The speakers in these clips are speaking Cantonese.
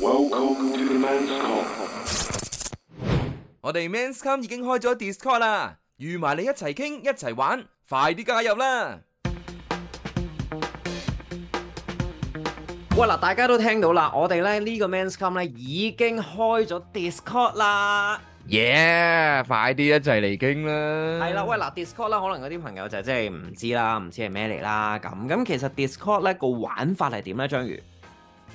Welcome to the Men's Come。我哋 Men's Come 已經開咗 Discord 啦，預埋你一齊傾一齊玩，快啲加入啦，yeah！喂，嗱，大家都聽到啦，我哋咧呢個 Men's Come 咧已經開咗 Discord 啦。耶，快啲一齊嚟傾啦！係啦，喂，嗱，Discord 啦，可能有啲朋友就即係唔知啦，唔知係咩嚟啦。咁咁，其實 Discord 咧個玩法係點咧？章魚。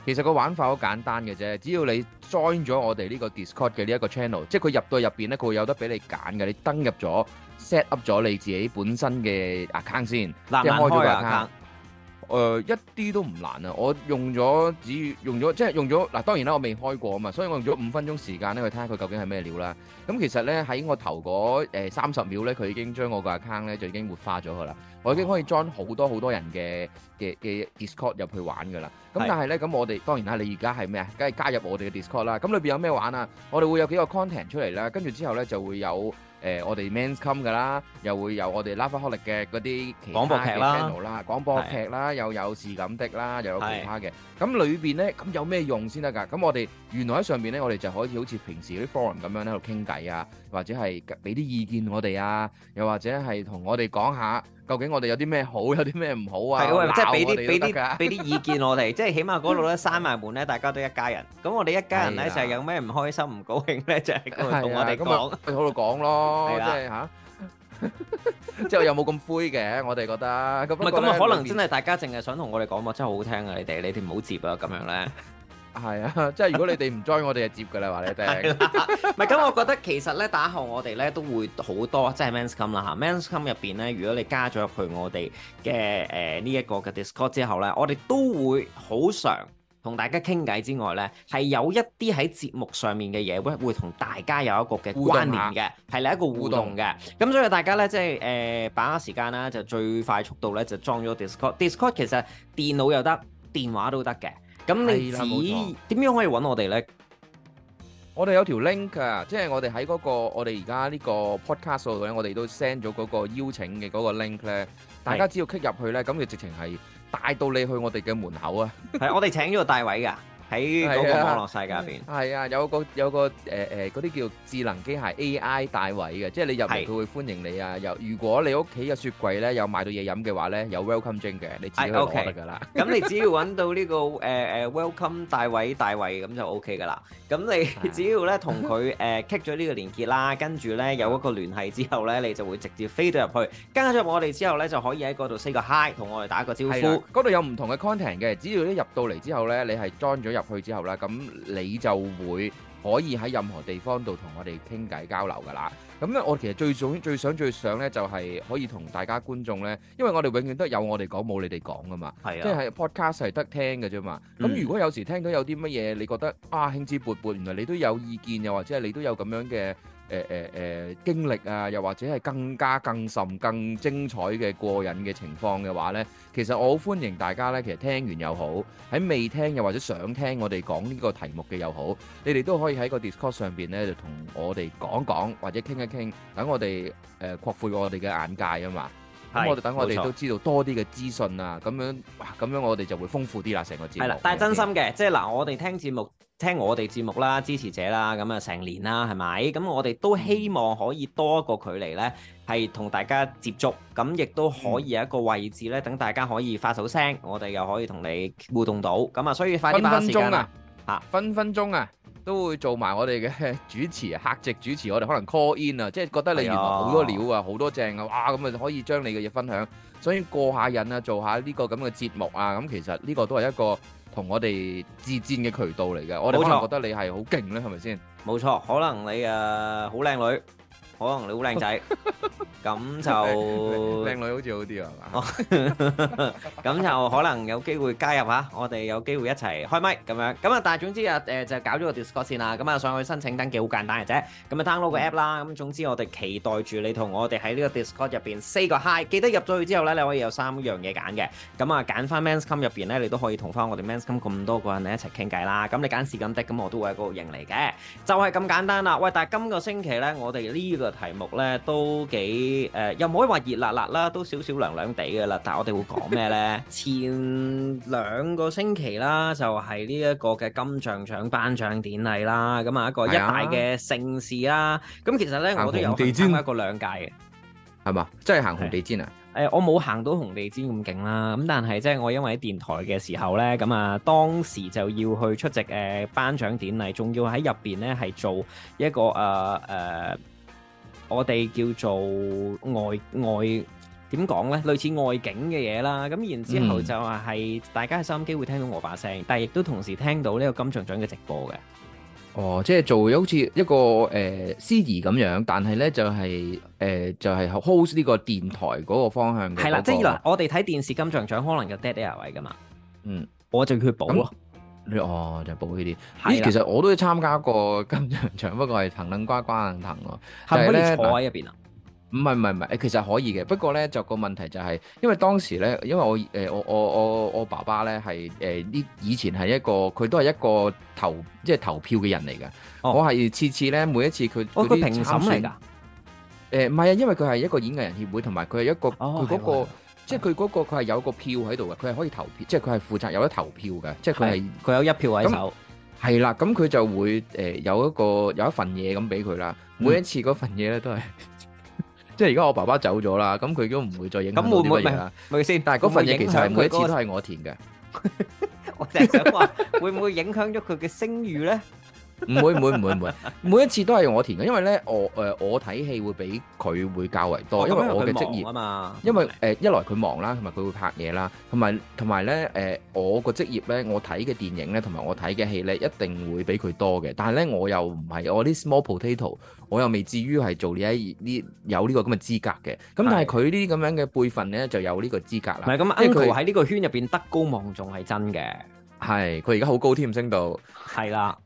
其實個玩法好簡單嘅啫，只要你 join 咗我哋呢個 Discord 嘅呢一個 channel，即係佢入到入面咧，佢會有得俾你揀嘅。你登入咗 set up 咗你自己本身嘅 account 先，慢慢啊、即係開咗個 account。誒、呃、一啲都唔難啊！我用咗只用咗即係用咗嗱，當然啦，我未開過啊嘛，所以我用咗五分鐘時間咧去睇下佢究竟係咩料啦。咁、嗯、其實咧喺我頭嗰三十秒咧，佢已經將我個 account 咧就已經活化咗噶啦。我已經可以 join 好多好多人嘅嘅嘅 Discord 入去玩噶啦。咁但係咧，咁是的 我哋當然啦，你而家係咩啊？梗係加入我哋嘅 Discord 啦。咁裏邊有咩玩啊？我哋會有幾個 content 出嚟啦。跟住之後咧就會有。誒、呃，我哋 Men's Come 噶啦，又會有我哋 Lovaholic 嘅嗰啲其他嘅頻道啦，廣播劇啦，又有視感的啦，是的又有其他嘅。咁裏邊咧，咁有咩用先得㗎？咁我哋。原來喺上面咧，我哋就可以好似平時啲 forum 咁樣喺度傾偈啊，或者係俾啲意見我哋啊，又或者係同我哋講下究竟我哋有啲咩好，有啲咩唔好啊？係，即係俾啲俾啲俾啲意見我哋，即係起碼嗰度咧，閂埋門咧，大家都一家人。咁我哋一家人咧，就係有咩唔開心、唔高興咧，就係同我哋講，喺度講咯，即係嚇。即係有冇咁灰嘅，我哋覺得。咁啊咁啊，可能真係大家淨係想同我哋講話，真係好聽啊！你哋你哋唔好接啊！咁樣咧。係啊，esta yeah, 即係如果你哋唔 join 我哋就接嘅啦，話你哋。係係咁，嗯、我覺得其實咧打後我哋咧都會好多，即係 Men's Come 啦嚇。Men's Come 入邊咧，如果你加咗入去我哋嘅誒呢一個嘅 Discord 之後咧，我哋都會好常同大家傾偈之外咧，係有一啲喺節目上面嘅嘢會同大家有一個嘅關聯嘅，係另一,一個互動嘅。咁所以大家咧即係誒、呃、把握時間啦，就最快速度咧就裝咗 Discord。Discord 其實電腦又得，電話都得嘅。咁你點樣可以揾我哋咧、啊，那個？我哋有條 link 噶即係我哋喺嗰個我哋而家呢個 podcast 度咧，我哋都 send 咗嗰個邀請嘅嗰個 link 咧、啊，的大家只要 click 入去咧，咁就直情係帶到你去我哋嘅門口啊！係 我哋請咗個大位噶。喺嗰個網絡世界入邊，係啊，有個有個誒誒嗰啲叫做智能機械 AI 大偉嘅，即係你入嚟佢會歡迎你啊。有如果你屋企嘅雪櫃咧有買到嘢飲嘅話咧，有 welcome drink 嘅，你自己攞得㗎啦。咁你只要揾到呢個誒誒 welcome 大偉大偉咁就 OK 㗎啦。咁你只要咧同佢誒 click 咗呢個連結啦，跟住咧有一個聯繫之後咧，你就會直接飛咗入去跟咗我哋之後咧，就可以喺嗰度 say 個 hi 同我哋打個招呼。嗰度有唔同嘅 content 嘅，只要一入到嚟之後咧，你係 join 咗入。去之後啦，咁你就會可以喺任何地方度同我哋傾偈交流噶啦。咁咧，我其實最想、最想、最想咧，就係可以同大家觀眾咧，因為我哋永遠都有我哋講，冇你哋講噶嘛。係是啊，即係 podcast 係得聽噶啫嘛。咁如果有時聽到有啲乜嘢，你覺得、嗯、啊，興致勃勃，原來你都有意見，又或者係你都有咁樣嘅。誒誒誒經歷啊，又或者係更加更甚更精彩嘅過癮嘅情況嘅話呢，其實我好歡迎大家呢，其實聽完又好，喺未聽又或者想聽我哋講呢個題目嘅又好，你哋都可以喺個 Discord 上邊呢，就同我哋講講或者傾一傾，等我哋誒擴闊我哋嘅眼界啊嘛。咁是我哋等我哋都知道多啲嘅資訊啊，咁錯樣咁樣我哋就會豐富啲啦，成個節目。係啦，但係真心嘅，即係是嗱，我哋聽節目。聽我哋節目啦，支持者啦，咁啊成年啦，係咪？咁我哋都希望可以多一個距離呢，係同大家接觸，咁亦都可以有一個位置呢，等大家可以發到聲，嗯、我哋又可以同你互動到。咁啊，所以快啲分分鐘啊，吓，分分鐘啊，都會做埋我哋嘅主持、客席主持，我哋可能 call in 啊，即係覺得你原來好多料啊，好的多正啊，哇，咁啊可以將你嘅嘢分享。所以過下癮啊，做下呢個咁嘅節目啊，咁其實呢個都係一個。同我哋之間嘅渠道嚟嘅，我哋可能覺得你係好勁咧，係咪先？冇錯，可能你啊好靚女，可能你好靚仔。咁就靚女好似好啲係嘛，咁就可能有機會加入吓，我哋有機會一齊開麥咁樣。咁啊，但係總之啊，誒就係搞咗個 Discord 先啦。咁啊，上去申請登記好簡單嘅啫。咁啊，download 個 app 啦。咁總之我哋期待住你同我哋喺呢個 Discord 入邊 say 個 hi。記得入咗去之後咧，你可以有三樣嘢揀嘅。咁啊，揀翻 Men's Come 入邊咧，你都可以同翻我哋 Men's Come 咁多個人咧一齊傾偈啦。咁你揀視感的，咁我都會係個型嚟嘅。就係咁簡單啦。喂，但係今個星期咧，我哋呢個題目咧都幾～誒，又唔可以話熱辣辣啦，都少少涼涼地噶啦。但係我哋會講咩咧？前兩個星期啦，就係呢一個嘅金像獎頒獎典禮啦，咁啊一個一大嘅盛事啦。咁其實咧，我都有參加一個兩屆嘅，係嘛？即係行紅地毯啊？誒，我冇行到紅地毯咁勁啦。咁但係即係我因為喺電台嘅時候咧，咁啊當時就要去出席誒頒獎典禮，仲要喺入邊咧係做一個誒誒。我哋叫做外外點講咧？類似外景嘅嘢啦。咁然之後就話係大家嘅收音機會聽到我把聲，嗯、但係亦都同時聽到呢個金像獎嘅直播嘅。哦，即係做咗好似一個誒司儀咁樣，但係咧就係、是、誒、呃、就係、是、host 呢個電台嗰個方向嘅、那個。係啦，即係可能我哋睇電視金像獎可能有 dead air 位噶嘛。嗯，我就去補咯。哦，就補呢啲。咦，其實我都參加過金像獎，不過係騰騰呱呱咁騰喎。係咪可以坐喺入邊啊？唔係唔係唔係，其實可以嘅。不過咧就個問題就係，因為當時咧，因為我誒我我我我爸爸咧係誒呢以前係一個佢都係一個投即係投票嘅人嚟嘅。我係次次咧每一次佢哦，佢評審嚟㗎。誒唔係啊，因為佢係一個演藝人協會，同埋佢係一個佢嗰個。即係佢嗰個佢係有個票喺度嘅，佢係可以投票，即係佢係負責有得投票嘅，即係佢係佢有一票喺手。係啦，咁佢就會誒、呃、有一個有一份嘢咁俾佢啦。每一次嗰份嘢咧都係，嗯、即係而家我爸爸走咗啦，咁、嗯、佢 都唔會再影咁會唔會啊？咪先，但係嗰份嘢其實係每一次都係我填嘅。我淨係想話會唔會影響咗佢嘅聲譽咧？唔會唔會唔會唔會，每一次都係我填嘅，因為咧我誒我睇戲會比佢會較為多，哦、因為、呃、我嘅職業啊嘛。因為誒一來佢忙啦，同埋佢會拍嘢啦，同埋同埋咧誒我個職業咧，我睇嘅電影咧，同埋我睇嘅戲咧，一定會比佢多嘅。但係咧，我又唔係我啲 small potato，我又未至於係做呢一啲有呢個咁嘅資格嘅。咁但係佢呢啲咁樣嘅輩份咧，就有呢個資格啦。唔係咁，Uncle 喺呢個圈入邊德高望重係真嘅。係，佢而家好高添，升到。係啦。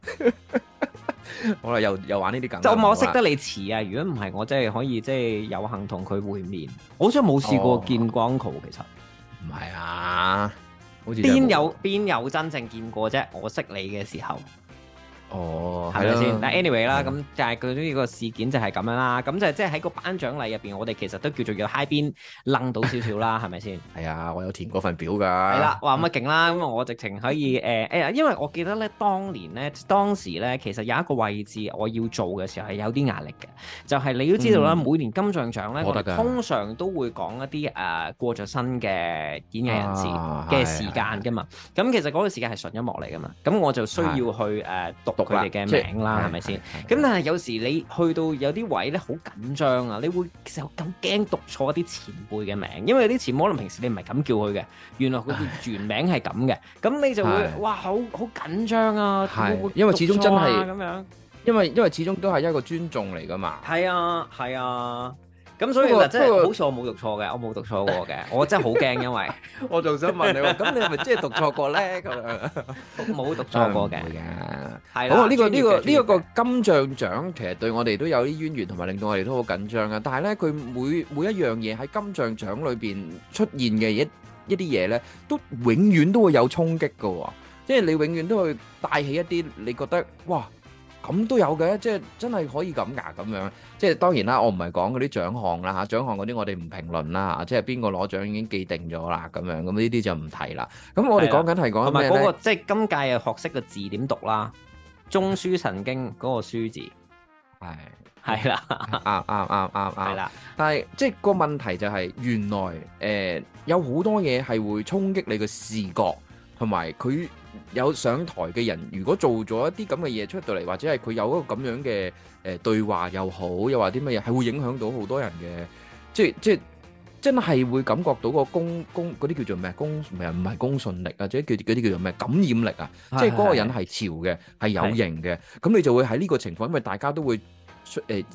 我哋又又玩呢啲梗。就我識得你遲啊！如果唔係，我真係可以即係有幸同佢會面。我想冇試過見光頭，其實。唔係啊！好似邊有邊有真正見過啫？我識你嘅時候。哦，係咪先？anyway 啦，咁就係佢鍾意個事件就係咁樣啦。咁就即係喺個頒獎禮入邊，我哋其實都叫做叫 high 邊冷到少少啦，係咪先？係啊，我有填過份表㗎。係啦，話咁啊勁啦。咁我直情可以誒誒，因為我記得咧，當年咧，當時咧，其實有一個位置我要做嘅時候係有啲壓力嘅。就係你都知道啦，每年金像獎咧，通常都會講一啲誒過咗身嘅演藝人士嘅時間㗎嘛。咁其實嗰個時間係純音樂嚟㗎嘛。咁我就需要去誒讀。佢哋嘅名啦，係咪先？咁吧但係有時你去到有啲位咧，好緊張啊！你會成日咁驚讀錯啲前輩嘅名，因為啲前輩可能平時你唔係咁叫佢嘅，原來佢嘅原名係咁嘅，咁你就會哇好好緊張啊！因為始終真係咁樣，因為因為始終都係一個尊重嚟噶嘛。係啊，係啊。咁所以嗱，真係好彩我冇讀錯嘅，我冇讀錯過嘅， 我真係好驚，因為我仲想問你，咁 你係咪真係讀錯過咧？咁啊，冇讀錯過嘅，係好啊，呢啦、呢個呢、呢個呢一個金像獎其實對我哋都有啲淵源，同埋令到我哋都好緊張嘅。但係咧，佢每每一樣嘢喺金像獎裏邊出現嘅嘢，一啲嘢咧，都永遠都會有衝擊嘅喎、哦。即係你永遠都會帶起一啲你覺得哇～咁都有嘅，即係真係可以咁噶，咁樣即係當然啦。我唔係講嗰啲獎項啦，吓獎項嗰啲我哋唔評論啦，即係邊個攞獎已經既定咗啦，咁樣咁呢啲就唔提啦。咁我哋講緊係講埋嗰個，即係今屆嘅學識嘅字點讀啦，《中書神經》嗰個書字，係係啦，啱啱啱啱係啦。對但係即係個問題就係，原來誒有好多嘢係會衝擊你嘅視覺，同埋佢。有上台嘅人，如果做咗一啲咁嘅嘢出到嚟，或者係佢有一個咁樣嘅誒、呃、對話又好，又話啲乜嘢，係會影響到好多人嘅，即係即係真係會感覺到個公公嗰啲叫做咩公，唔係唔係公信力啊，或者叫嗰啲叫做咩感染力啊，即係嗰個人係潮嘅，係有型嘅，咁是是 你就會喺呢個情況，因為大家都會誒誒誒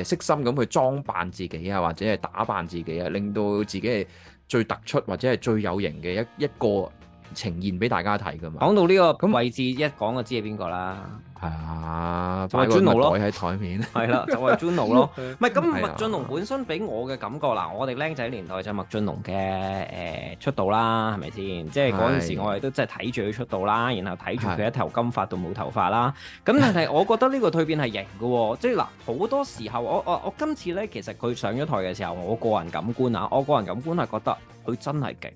誒悉心咁去裝扮自己啊，或者係打扮自己啊，令到自己係最突出或者係最有型嘅一一個。呈現俾大家睇噶嘛？講到呢個位置、嗯、一講就知係邊個啦。係啊、哎呀，麥浚龍咯，擺喺台面。係啦， 就係麥浚龍咯。唔係咁麥浚龍本身俾我嘅感覺嗱，哎、呀我哋僆仔年代就麥浚龍嘅誒、呃、出道啦，係咪先？即係嗰陣時我哋都真係睇住佢出道啦，然後睇住佢一頭金髮到冇頭髮啦。咁的但係我覺得呢個蛻變係型噶喎，即係嗱好多時候我我我今次咧其實佢上咗台嘅時候，我個人感官啊，我個人感官係覺得。佢真係勁，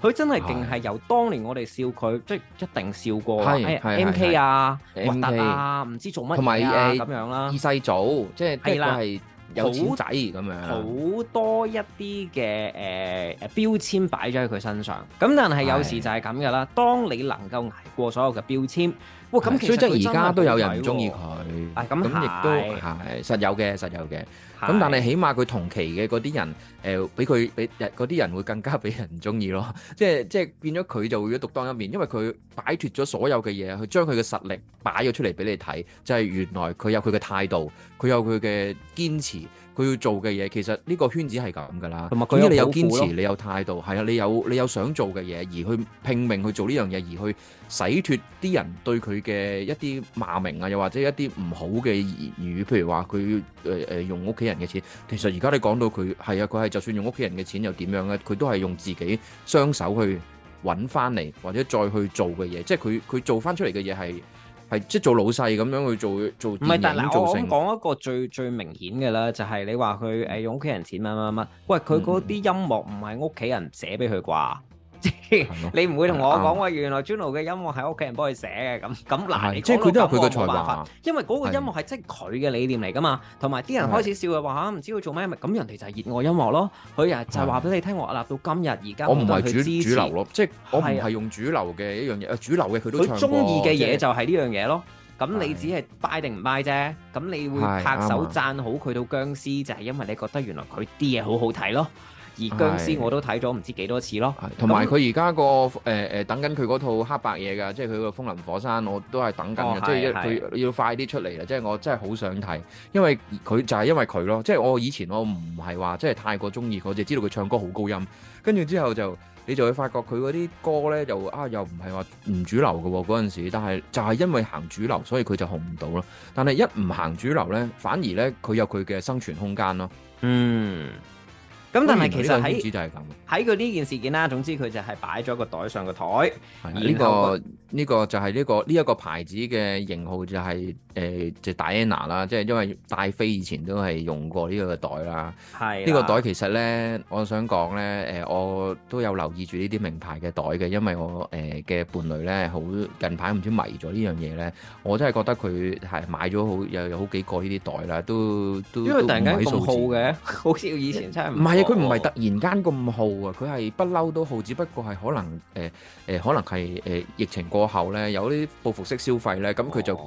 佢真係勁，係由當年我哋笑佢，即係一定笑過，係 MK 啊，核突啊，唔知做乜嘢啊同埋咁樣啦，二世祖即係啦，係有錢仔咁樣，好多一啲嘅誒誒標籤擺咗喺佢身上，咁但係有時就係咁㗎啦。當你能夠捱過所有嘅標籤。咁、哦哦、其實、哦，所以即係而家都有人唔中意佢，咁亦、哎、都係實有嘅，實有嘅。咁是但係起碼佢同期嘅嗰啲人，誒、呃，比佢比嗰啲人會更加俾人唔中意咯。即係即係變咗佢就會獨當一面，因為佢擺脫咗所有嘅嘢，去將佢嘅實力擺咗出嚟俾你睇，就係、是、原來佢有佢嘅態度，佢有佢嘅堅持。佢要做嘅嘢，其實呢個圈子係咁噶啦，因你有堅持，你有態度，係啊，你有你有想做嘅嘢，而去拼命去做呢樣嘢，而去洗脱啲人對佢嘅一啲罵名啊，又或者一啲唔好嘅言語，譬如話佢誒誒用屋企人嘅錢。其實而家你講到佢係啊，佢係就算用屋企人嘅錢又點樣咧，佢都係用自己雙手去揾翻嚟，或者再去做嘅嘢，即係佢佢做翻出嚟嘅嘢係。係即係做老細咁樣去做做電影唔係，但係造成我講一個最最明顯嘅啦，就係、是、你話佢、哎、用屋企人錢乜乜乜，喂佢嗰啲音樂唔係屋企人寫俾佢啩？嗯即係 你唔會同我講話，的原來 Juno 嘅音樂係屋企人幫佢寫嘅咁，咁嗱。即係佢都有佢嘅才華，因為嗰個音樂係即係佢嘅理念嚟噶嘛。同埋啲人開始笑嘅話嚇，唔知佢做咩，咪咁人哋就係熱愛音樂咯。佢呀就話俾你聽，的我立到今日而家我唔係主流咯都支持。即係我唔係用主流嘅一樣嘢，的主流嘅佢都。佢中意嘅嘢就係呢樣嘢咯。咁你只係拜定唔拜啫？咁你會拍手讚好佢到僵屍，的就係因為你覺得原來佢啲嘢好好睇咯。而僵屍我都睇咗唔知幾多次咯，同埋佢而家個誒誒等緊佢嗰套黑白嘢㗎，即係佢個《風林火山》，我都係等緊嘅，哦、即係佢要快啲出嚟啦，即係我真係好想睇，因為佢就係因為佢咯，即係我以前我唔係話即係太過中意我就知道佢唱歌好高音，跟住之後就你就會發覺佢嗰啲歌咧又啊又唔係話唔主流嘅喎嗰陣時，但係就係因為行主流，所以佢就紅唔到咯。但係一唔行主流咧，反而咧佢有佢嘅生存空間咯。嗯。咁但係其實喺喺佢呢件事件啦、啊，總之佢就係擺咗個袋上個台。呢的後、這個呢、這個就係呢、這個呢一、這個牌子嘅型號就係、是、誒、呃、就戴安娜啦，即係因為戴妃以前都係用過呢個袋啦。係呢的個袋其實咧，我想講咧，誒、呃、我都有留意住呢啲名牌嘅袋嘅，因為我誒嘅伴侶咧好近排唔知迷咗呢樣嘢咧，我真係覺得佢係買咗好又有好幾個呢啲袋啦，都都因為突然間咁好嘅，好似以前真係唔係。即佢唔係突然間咁好啊，佢係不嬲都好，只不過係可能誒誒、呃呃，可能係誒、呃、疫情過後咧，有啲報復式消費咧，咁佢就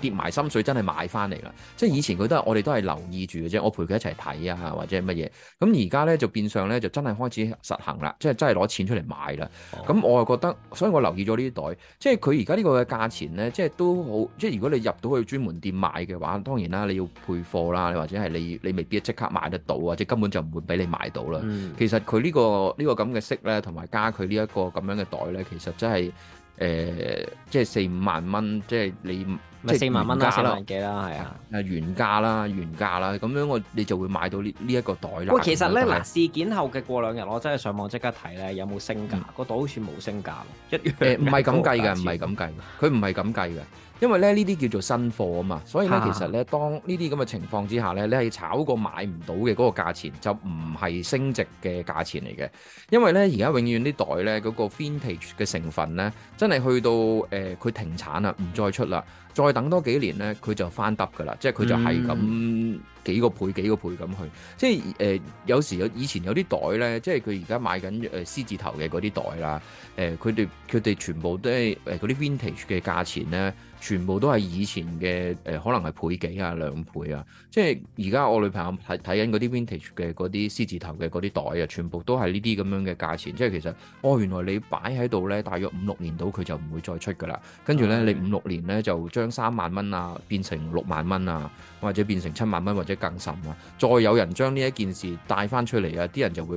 跌埋心水，真係買翻嚟啦。即係以前佢都係我哋都係留意住嘅啫，我陪佢一齊睇啊，或者乜嘢。咁而家咧就變相咧就真係開始實行啦，即係真係攞錢出嚟買啦。咁、哦、我又覺得，所以我留意咗呢啲袋，即係佢而家呢個嘅價錢咧，即係都好。即係如果你入到去專門店買嘅話，當然啦，你要配貨啦，或者係你你未必即刻買得到啊，即根本就唔會俾。你買到啦，其實佢呢個呢個咁嘅色咧，同埋加佢呢一個咁樣嘅袋咧，其實真係誒，即係四五萬蚊，即係你。咪四萬蚊啦，四萬幾啦，係啊！係原價啦，原價啦，咁樣我你就會買到呢呢一個袋啦。喂，其實咧嗱，是事件後嘅過兩日，我真係上網即刻睇咧，有冇升價？嗯、個袋好似冇升價喎。嗯、一樣誒唔係咁計嘅，唔係咁計嘅。佢唔係咁計嘅，因為咧呢啲叫做新貨啊嘛。所以咧，其實咧，當呢啲咁嘅情況之下咧，你係炒過買唔到嘅嗰個價錢，就唔係升值嘅價錢嚟嘅。因為咧，而家永遠啲袋咧嗰、嗰個 vintage 嘅成分咧，真係去到誒佢、呃、停產啦，唔再出啦。再等多幾年咧，佢就翻得噶啦，即係佢就係咁、嗯、幾個倍幾個倍咁去。即係誒、呃，有時有以前有啲袋咧，即係佢而家買緊誒獅子頭嘅嗰啲袋啦，誒佢哋佢哋全部都係誒嗰、呃、啲 vintage 嘅價錢咧。全部都係以前嘅誒、呃，可能係倍幾啊、兩倍啊，即係而家我女朋友睇睇緊嗰啲 vintage 嘅嗰啲獅子頭嘅嗰啲袋啊，全部都係呢啲咁樣嘅價錢。即係其實，哦，原來你擺喺度呢，大約五六年到佢就唔會再出噶啦。跟住呢，你五六年呢，就將三萬蚊啊變成六萬蚊啊，或者變成七萬蚊或者更甚啊。再有人將呢一件事帶翻出嚟啊，啲人就會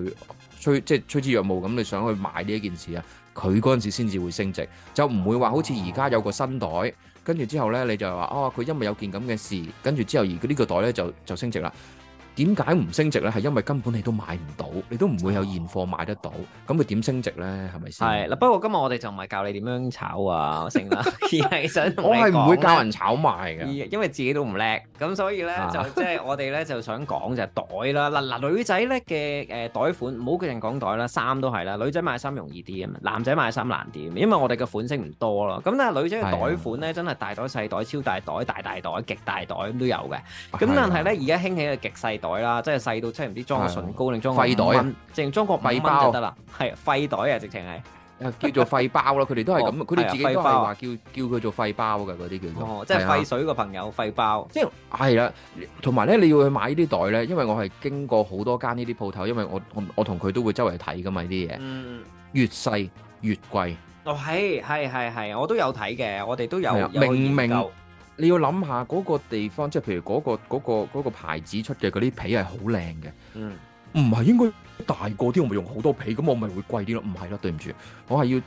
趨，即係趨之若鶩咁，你想去買呢一件事啊，佢嗰陣時先至會升值，就唔會話好似而家有個新袋。跟住之後呢，你就話哦，佢因為有件咁嘅事，跟住之後而呢個袋呢就就升值啦。點解唔升值咧？係因為根本你都買唔到，你都唔會有現貨買得到，咁佢點升值咧？係咪先？係嗱，不過今日我哋就唔係教你點樣炒啊，剩啊，而係想我係唔會教人炒賣嘅，因為自己都唔叻，咁所以咧就即係我哋咧就想講就係袋啦，嗱女仔咧嘅誒袋款，唔好固定講袋啦，衫都係啦，女仔買衫容易啲啊嘛，男仔買衫難啲，因為我哋嘅款式唔多咯。咁但係女仔嘅袋款咧，真係大袋、細袋、超大袋、大大袋、極大袋咁都有嘅。咁但係咧而家興起嘅極細袋啦，即係細到真係唔知裝個唇膏，定裝個廢袋，淨裝個廢包就得啦。係廢袋啊，直情係叫做廢包咯。佢哋都係咁，佢哋自己都係話叫叫佢做廢包嘅嗰啲叫做。哦，即係廢水個朋友廢包。即係係啦，同埋咧你要去買呢啲袋咧，因為我係經過好多間呢啲鋪頭，因為我我我同佢都會周圍睇噶嘛呢啲嘢。嗯嗯。越細越貴。哦，係係係係，我都有睇嘅，我哋都有有去研究。你要諗下嗰個地方，即係譬如嗰個嗰個嗰個牌子出嘅嗰啲皮係好靚嘅，嗯，唔係應該大個啲我咪用好多皮，咁我咪會貴啲咯，唔係咯，對唔住，我係要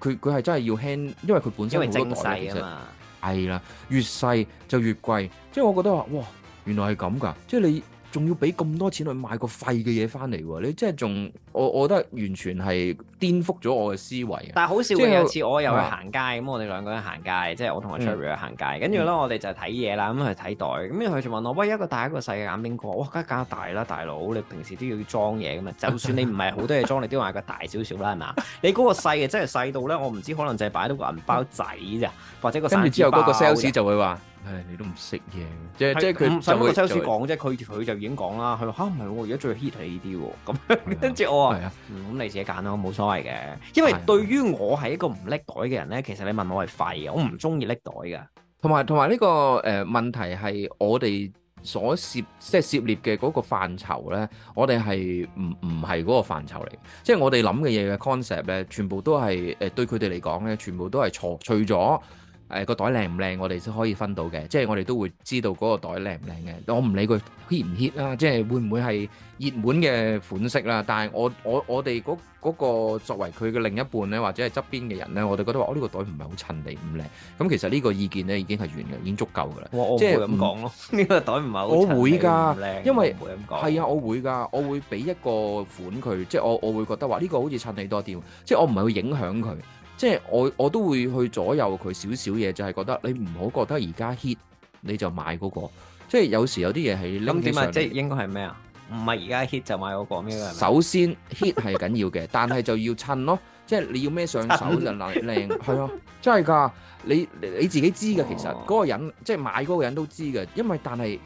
佢佢係真係要輕，因為佢本身因為精細啊嘛，係啦，越細就越貴，即係我覺得話哇，原來係咁噶，即係你仲要俾咁多錢去買個廢嘅嘢翻嚟喎，你即係仲。我我覺得完全係顛覆咗我嘅思維，但係好笑，會有次我又去行街咁，我哋兩個人行街，即係我同阿 Cherry 去行街，跟住咧我哋就睇嘢啦，咁去睇袋，咁佢就問我：喂，一個大一個細嘅揀邊個，哇，梗係揀大啦，大佬，你平時都要裝嘢嘅嘛，就算你唔係好多嘢裝，你都要買個大少少啦，係嘛？你嗰個細嘅真係細到咧，我唔知可能就係擺到個銀包仔咋，或者個。跟住之後嗰個 sales 就會話：誒，你都唔識嘢，即係即佢。唔使乜 sales 講，即佢佢就已經講啦。佢話：嚇，唔係喎，而家最 hit 你呢啲喎，咁跟住我。係啊，咁、嗯、你自己揀咯，冇所謂嘅。因為對於我係一個唔拎袋嘅人咧，其實你問我係廢，我唔中意拎袋噶。同埋同埋呢個誒、呃、問題係我哋所涉即係涉獵嘅嗰個範疇咧，我哋係唔唔係嗰個範疇嚟嘅。即係我哋諗嘅嘢嘅 concept 咧，全部都係誒對佢哋嚟講咧，全部都係錯，除咗。誒個袋靚唔靚，我哋都可以分到嘅，即係我哋都會知道嗰個袋靚唔靚嘅。我唔理佢 hit 唔 hit 啦，即係會唔會係熱門嘅款式啦。但係我我我哋嗰嗰個作為佢嘅另一半咧，或者係側邊嘅人咧，我哋覺得話哦，呢個袋唔係好襯你，唔靚。咁其實呢個意見咧已經係完嘅，已經足夠㗎啦。我我唔會咁講咯，呢個袋唔係好。我會㗎，因為係啊，我會㗎，我會俾一個款佢，即係我我會覺得話呢個好似襯你多啲，即係我唔係會影響佢。即係我我都會去左右佢少少嘢，就係、是、覺得你唔好覺得而家 hit 你就買嗰、那個，即係有時有啲嘢係拎起上嚟。咁點啊？即係應該係咩啊？唔係而家 hit 就買嗰、那個咩、那個、首先 hit 係緊要嘅，但係就要襯咯。 即係你要孭上手就嚟靚。係 啊，真係㗎。你你自己知㗎，其實嗰個人即係買嗰個人都知㗎，因為但係。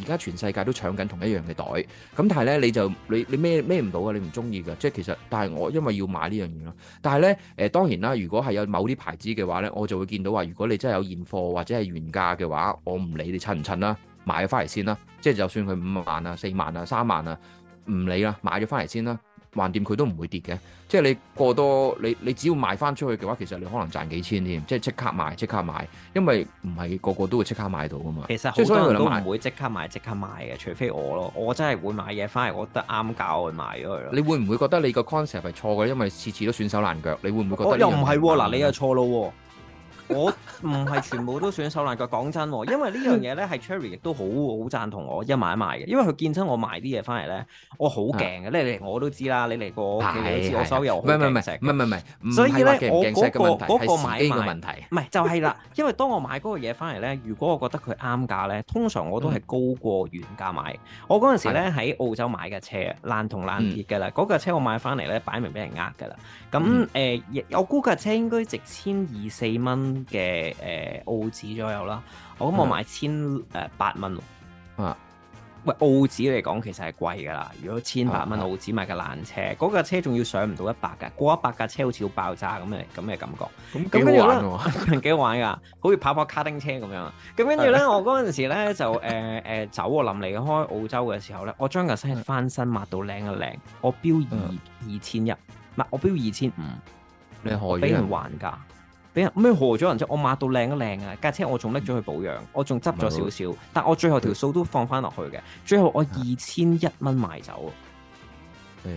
而家全世界都搶緊同一樣嘅袋，咁但係呢，你就你你孭孭唔到啊？你唔中意㗎，即係其實，但係我因為要買呢樣嘢咯。但係呢，誒、呃、當然啦，如果係有某啲牌子嘅話呢，我就會見到話，如果你真係有現貨或者係原價嘅話，我唔理你襯唔襯啦，買咗翻嚟先啦。即係就算佢五萬啊、四萬啊、三萬啊，唔理啦，買咗翻嚟先啦。橫掂佢都唔會跌嘅，即係你過多你你只要賣翻出去嘅話，其實你可能賺幾千添，即係即刻賣即刻賣，因為唔係個個都會即刻買到噶嘛。其實好多人都唔會即刻買即刻賣嘅，除非我咯，我真係會買嘢翻嚟，我覺得啱搞，我賣咗佢咯。你會唔會覺得你個 concept 係錯嘅？因為次次都損手爛腳，你會唔會覺得、哦、又唔係嗱？嗱、你又錯咯、哦。我唔係全部都選手爛腳，講真，因為呢樣嘢咧係 Cherry 亦都好好贊同我一買一賣嘅，因為佢見親我買啲嘢翻嚟咧，我好勁嘅，你嚟我都知啦，你嚟過我記都知，我手遊唔係唔係唔係唔係唔係，所以咧我嗰個嗰個買嘅問題唔係就係啦，因為當我買嗰個嘢翻嚟咧，如果我覺得佢啱價咧，通常我都係高過原價買。我嗰陣時咧喺澳洲買嘅車爛銅爛鐵嘅啦，嗰架車我買翻嚟咧，擺明俾人呃嘅啦。咁誒，我估架車應該值千二四蚊。嘅誒、呃、澳紙左右啦，我諗我買 1,、嗯、千誒八蚊喎。啊、呃，喂，澳紙嚟講其實係貴噶啦。如果千八蚊澳紙買架爛車，嗰架、嗯、車仲要上唔到一百架，過一百架車好似要爆炸咁嘅咁嘅感覺。咁幾好玩喎，幾好玩噶， 好似跑跑卡丁車咁樣。咁跟住咧，的我嗰陣時咧就誒誒、呃、走，我臨離開澳洲嘅時候咧，我將架車翻身抹到靚一靚，我標二二千一，唔係我標二千五，你可以俾人還價。俾人咩何咗人啫？我抹到靚都靚啊！架車我仲拎咗去保養，我仲執咗少少，但我最後條數都放翻落去嘅。最後我二千一蚊賣走。誒，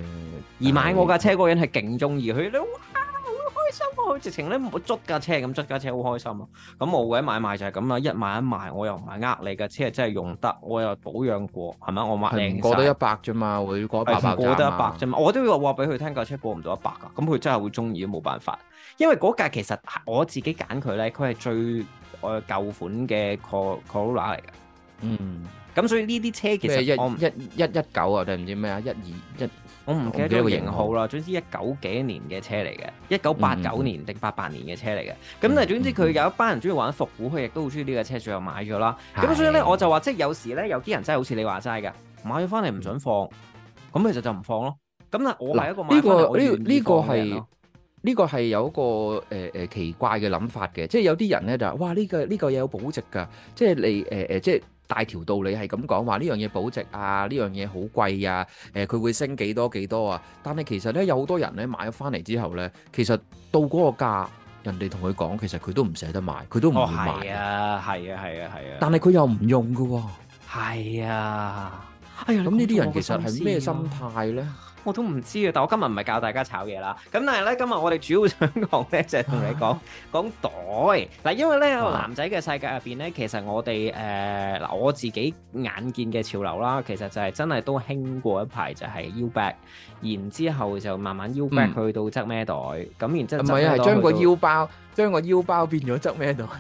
而買我架車嗰個人係勁中意佢咧，哇，好開心啊！佢直情咧捉架車咁捉架車，好開心啊！咁我鬼買賣就係咁啦，一賣一賣，我又唔係呃你架車，真係用得，我又保養過，係咪？我抹靚過得一百啫嘛，會過一百過得一百啫嘛，我都要話俾佢聽架車過唔到一百噶，咁佢真係會中意冇辦法。因為嗰架其實我自己揀佢咧，佢係最誒舊款嘅 Corolla 嚟嘅。嗯，咁所以呢啲車其實我一一一九啊定唔知咩啊一二一，我唔記得咗個型號啦。總之一九幾年嘅車嚟嘅，一九八九年定八八年嘅車嚟嘅。咁但係總之佢有一班人中意玩復古，佢亦都好中意呢個車，最後買咗啦。咁所以咧，我就話即係有時咧，有啲人真係好似你話齋噶，買咗翻嚟唔準放，咁其實就唔放咯。咁啊，我係一個呢個呢個係。呢個係有一個誒誒、呃、奇怪嘅諗法嘅，即係有啲人咧就話：哇，呢、這個呢、這個嘢有保值㗎，即係你誒誒、呃，即係大條道理係咁講話呢樣嘢保值啊，呢樣嘢好貴啊，誒、呃、佢會升幾多幾多少啊？但係其實咧有好多人咧買咗翻嚟之後咧，其實到嗰個價，人哋同佢講，其實佢都唔捨得賣，佢都唔會賣。哦，係啊，係啊，係啊。但係佢又唔用嘅喎。係啊，係啊。咁呢啲人其實係咩心態咧、啊？我都唔知啊，但我今日唔係教大家炒嘢啦。咁但係咧，今日我哋主要想講咧，就係、是、同你講講、啊、袋嗱。因為咧，啊、男仔嘅世界入邊咧，其實我哋誒嗱，我自己眼見嘅潮流啦，其實就係真係都興過一排，就係腰包，然之後就慢慢腰包去到側咩袋，咁然之後唔係啊，係將個腰包將個腰包變咗側咩袋。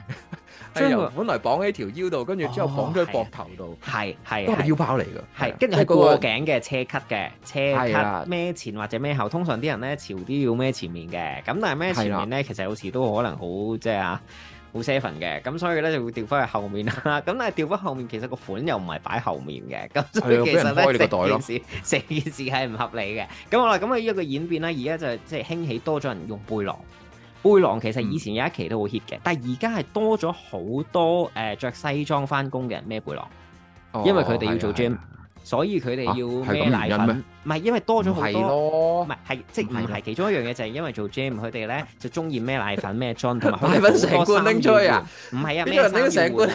本來綁喺條腰度，跟住之後綁喺膊頭度，係係、哦啊、都係腰包嚟嘅。係跟住係過頸嘅斜孭嘅斜孭，孭前或者孭後。通常啲人咧潮啲要孭前面嘅，咁但係孭前面咧，啊、其實有時都可能好即係啊，好 Seven 嘅。咁所以咧就會掉翻去後面啦。咁但係掉翻後面，其實個款又唔係擺後面嘅。咁所以其實咧成、啊、件事成件事係唔合理嘅。咁好啦，咁啊呢一個演變啦，而家就即係興起多咗人用背囊。背囊其實以前有一期都好 hit 嘅，但係而家係多咗好多誒著西裝翻工嘅人孭背囊，因為佢哋要做 gym，所以佢哋要孭奶粉。唔係因為多咗好多，唔係係即係唔係其中一樣嘢就係因為做 gym，佢哋咧就中意孭奶粉孭樽，同埋奶粉成罐拎出去啊！唔係啊，孭成罐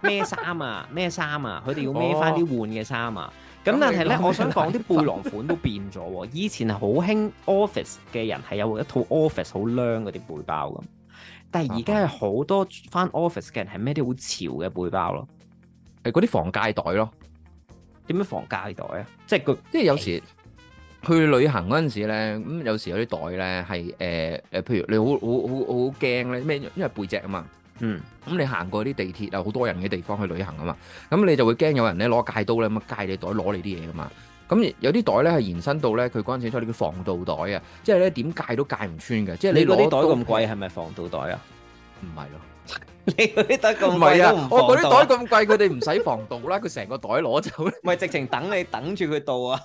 孭衫啊，孭衫啊，佢哋要孭翻啲換嘅衫啊。咁但係咧，我想講啲背囊款都變咗喎。 以前係好興 office 嘅人係有一套 office 好靚嗰啲背包咁，但係而家係好多返 office 嘅人係咩啲好潮嘅背包咯，誒嗰啲防街袋咯。點樣防街袋啊？即係個即係有時去旅行嗰陣時咧，咁有時有啲袋咧係誒誒，譬如你好好好好驚咧咩？因為背脊啊嘛。嗯，咁你行過啲地鐵啊，好多人嘅地方去旅行啊嘛，咁你就會驚有人咧攞戒刀咧咁戒你袋你，攞你啲嘢噶嘛。咁有啲袋咧係延伸到咧佢陣時出呢啲防盜袋啊，即係咧點戒都戒唔穿嘅。即係你攞袋咁貴係咪防盜袋啊？唔係咯， 你嗰啲袋咁貴 啊？我嗰啲袋咁貴，佢哋唔使防盜啦，佢 成 個袋攞走。咪直情等你等住佢到啊！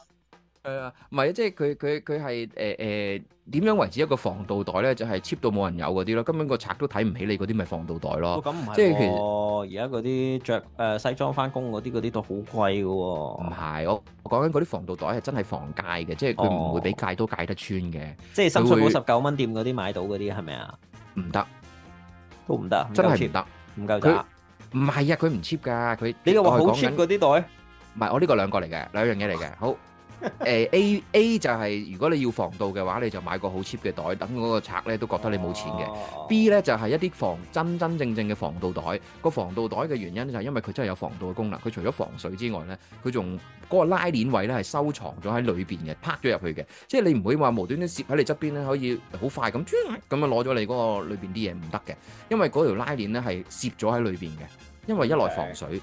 係啊，唔係啊，即係佢佢佢係誒誒，點樣為止一個防盜袋咧？就係 cheap 到冇人有嗰啲咯，根本個賊都睇唔起你嗰啲，咪防盜袋咯。咁唔係，即係其實而家嗰啲着誒西裝返工嗰啲嗰啲都好貴噶。唔係我講緊嗰啲防盜袋係真係防界嘅，即係佢唔會俾界都界得穿嘅。即係深水埗嗰十九蚊店嗰啲買到嗰啲係咪啊？唔得，都唔得，真係唔得，唔夠價。唔係啊，佢唔 cheap 噶，佢你又話好 cheap 嗰啲袋？唔係，我呢個兩個嚟嘅，兩樣嘢嚟嘅，好。誒、uh, A A 就係、是、如果你要防盜嘅話，你就買個好 cheap 嘅袋，等嗰個賊咧都覺得你冇錢嘅。B 呢就係、是、一啲防真真正正嘅防盜袋。個防盜袋嘅原因就係因為佢真係有防盜嘅功能。佢除咗防水之外呢，佢仲嗰個拉鍊位呢係收藏咗喺裏邊嘅，拍咗入去嘅。即係你唔會話無端端攝喺你側邊呢，可以好快咁咁、呃、樣攞咗你嗰個裏邊啲嘢唔得嘅。因為嗰條拉鍊呢係攝咗喺裏邊嘅。因為一來防水，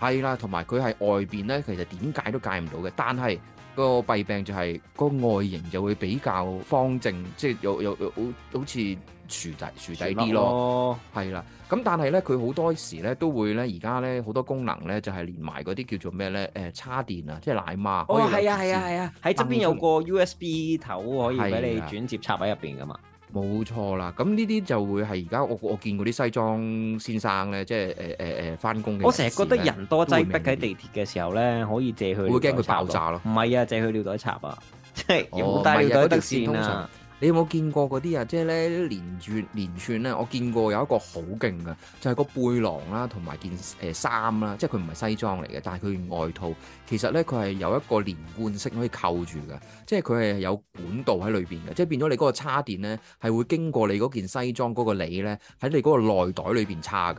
係啦的，同埋佢係外邊呢，其實點解都解唔到嘅。但係個弊病就係個外形就會比較方正，即係有有又好好似薯仔薯仔啲咯，係啦、哦。咁但係咧，佢好多時咧都會咧，而家咧好多功能咧就係連埋嗰啲叫做咩咧？誒、呃，叉電啊，即係奶媽。哦，係啊，係啊，係啊，喺側邊有個 USB 頭可以俾你轉接插喺入邊噶嘛。冇錯啦，咁呢啲就會係而家我我見嗰啲西裝先生咧，即係誒誒誒翻工嘅。呃呃、我成日覺得人多擠逼喺地鐵嘅時候咧，可以借去。會驚佢爆炸咯？唔係啊，借去尿袋插啊，即係冇帶尿袋得先啊。哦。你有冇見過嗰啲啊？即係咧連住連串咧，我見過有一個好勁嘅，就係、是、個背囊啦、啊，同埋件誒衫啦。即係佢唔係西裝嚟嘅，但係佢外套其實咧，佢係有一個連貫式可以扣住嘅。即係佢係有管道喺裏邊嘅，即係變咗你嗰個叉電咧，係會經過你嗰件西裝嗰個裡咧，喺你嗰個內袋裏邊叉嘅。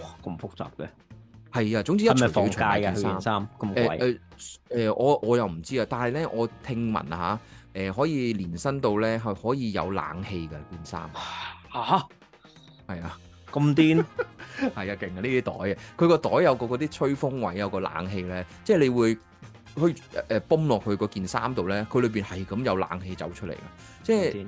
哇！咁複雜嘅係啊，總之一條就要除曬件衫，咁貴誒、呃呃呃、我我又唔知啊。但係咧，我聽聞啊嚇誒、呃，可以延伸到咧，係可以有冷氣嘅件衫。吓，係啊哈，咁癲、哎呀，係啊，勁啊！ 呢啲袋啊，佢個袋有個嗰啲吹風位，有個冷氣咧，即係你會去誒泵落去個件衫度咧，佢裏邊係咁有冷氣走出嚟嘅，即係係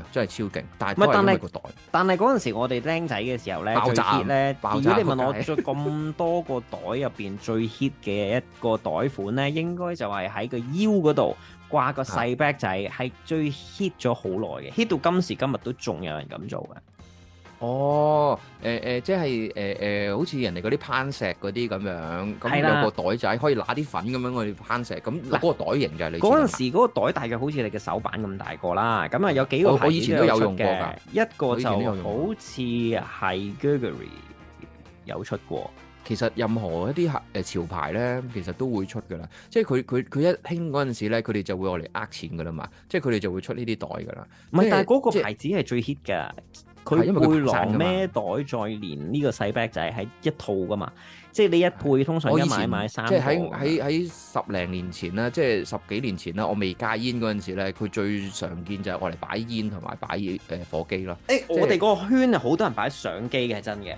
啊，真係超勁！但係但係個袋但，但係嗰陣時我哋僆仔嘅時候咧爆炸 hit 咧，如果炸你問我着咁多個袋入邊最 hit 嘅一個袋款咧， 應該就係喺個腰嗰度。掛個細 back 仔係最 hit 咗好耐嘅，hit 到今時今日都仲有人咁做嘅。哦，誒、呃、誒、呃，即係誒誒，好、呃、似、呃、人哋嗰啲攀石嗰啲咁樣，咁的有個袋仔可以拿啲粉咁樣去攀石，咁嗰的個袋型就係你嗰陣時嗰個袋大概，好似你嘅手板咁大個啦。咁啊，有幾個以,、哦、我以前都有用過嘅，一個就好似係 Gregory 有出過。其實任何一啲誒潮牌咧，其實都會出㗎啦。即係佢佢佢一興嗰陣時咧，佢哋就會我嚟呃錢㗎啦嘛。即係佢哋就會出呢啲袋㗎啦。唔係，但係嗰個牌子係最 hit 㗎。佢背囊孭袋再連呢個細 bag 仔係一套㗎嘛。即係你一配通常買買三即。即係喺喺喺十零年前啦，即係十幾年前啦，我未戒煙嗰陣時咧，佢最常見就係我嚟擺煙同埋擺誒火機啦。誒、欸，就係、我哋嗰個圈啊，好多人擺相機嘅，係真嘅。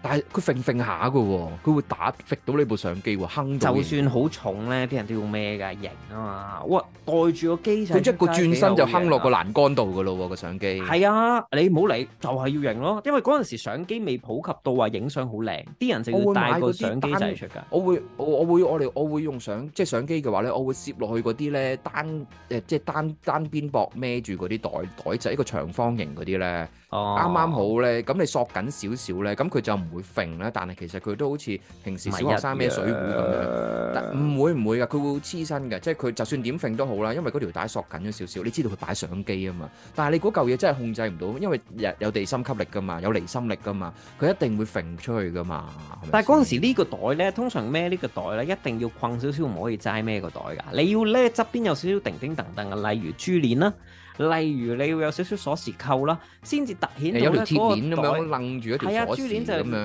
但係佢揈揈下嘅喎，佢會打揈到你部相機喎，就算好重咧，啲人都要孭㗎？型啊嘛，哇！袋住個機就一個轉身就坑落個欄杆度㗎咯喎，個相機。係啊，你唔好理，就係、是、要型咯。因為嗰陣時相機未普及到話影相好靚，啲人淨要帶個相機出㗎。我會我會我會用相即係相機嘅話咧，我會攝落去嗰啲咧單誒、呃、即係單單邊膊孭住嗰啲袋袋仔一個長方形嗰啲咧，啱啱好咧，咁、哦、你索緊少少咧，咁佢就。會揈啦，但係其實佢都好似平時小學生咩水壺咁樣，唔會唔會噶，佢會黐身嘅，即係佢就算點揈都好啦，因為嗰條帶索緊咗少少，你知道佢擺相機啊嘛。但係你嗰嚿嘢真係控制唔到，因為有地心吸力噶嘛，有離心力噶嘛，佢一定會揈出去噶嘛。但係嗰陣時呢個袋呢，通常孭呢個袋呢，一定要框少少，唔可以齋孭個袋㗎。你要呢側邊有少少叮叮噹噹嘅，例如珠鏈啦、啊。例如你要有少少鎖匙扣啦，先至突顯你有條鐵鏈咁樣楞住一條鎖匙咁樣，啊、珠鏈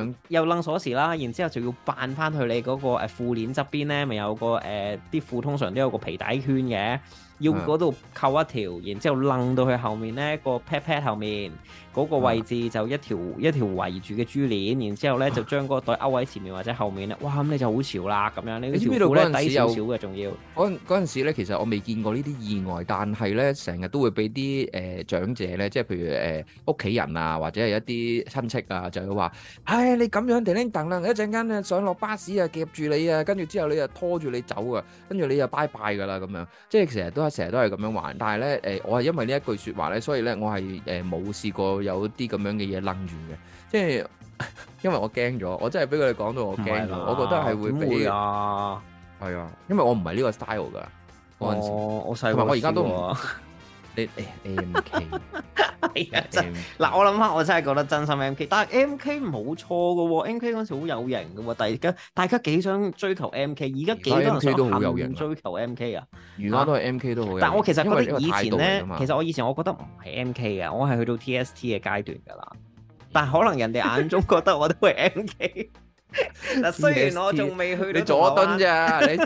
就又楞鎖匙啦。然之後就要扮翻去你嗰、嗰個誒褲鏈側邊咧，咪、啊、有個誒啲褲通常都有個皮帶圈嘅，要嗰度扣一條，嗯、然之後楞到去後面咧，個 pat pat 後面。嗰個位置就一條一條圍住嘅珠鏈，然之後咧就將嗰個袋勾喺前面或者後面咧， 哇，咁你就好潮啦，咁樣呢條褲咧低少少嘅。仲要嗰、嗰陣時咧，其實我未見過呢啲意外，但係咧成日都會俾啲誒長者咧，即係譬如誒屋企人啊，或者係一啲親戚啊，就會話：唉、哎，你咁樣叮叮噹噹，一陣間咧上落巴士啊夾住你啊，跟住之後你又拖住你走啊，跟住你就拜拜噶啦咁樣，即係成日都係成日都係咁樣玩。但係咧誒，我係因為呢一句説話咧，所以咧我係誒冇試過。有啲咁樣嘅嘢擰住嘅，即係因為我驚咗，我真係俾佢哋講到我驚。我覺得係會俾，係啊，因為我唔係呢個 style 㗎。我我細、啊、個、哦、時，我而家都。唔。 你誒誒唔奇，其實嗱，我諗翻我真係覺得真心 M K，但係 M K 冇錯噶喎，M K 嗰時好有型噶喎，但係而家大家幾想追求 M K，而家幾多人喺度下唔追求 M K 啊？餘下都係 M K 都好。但係我其實覺得以前咧，其實我以前我覺得唔係 M K 啊，我係去到 T S T 嘅階段噶啦，但係可能人哋眼中覺得我都係 M K。嗱，雖然我仲未去到，你佐敦咋？你？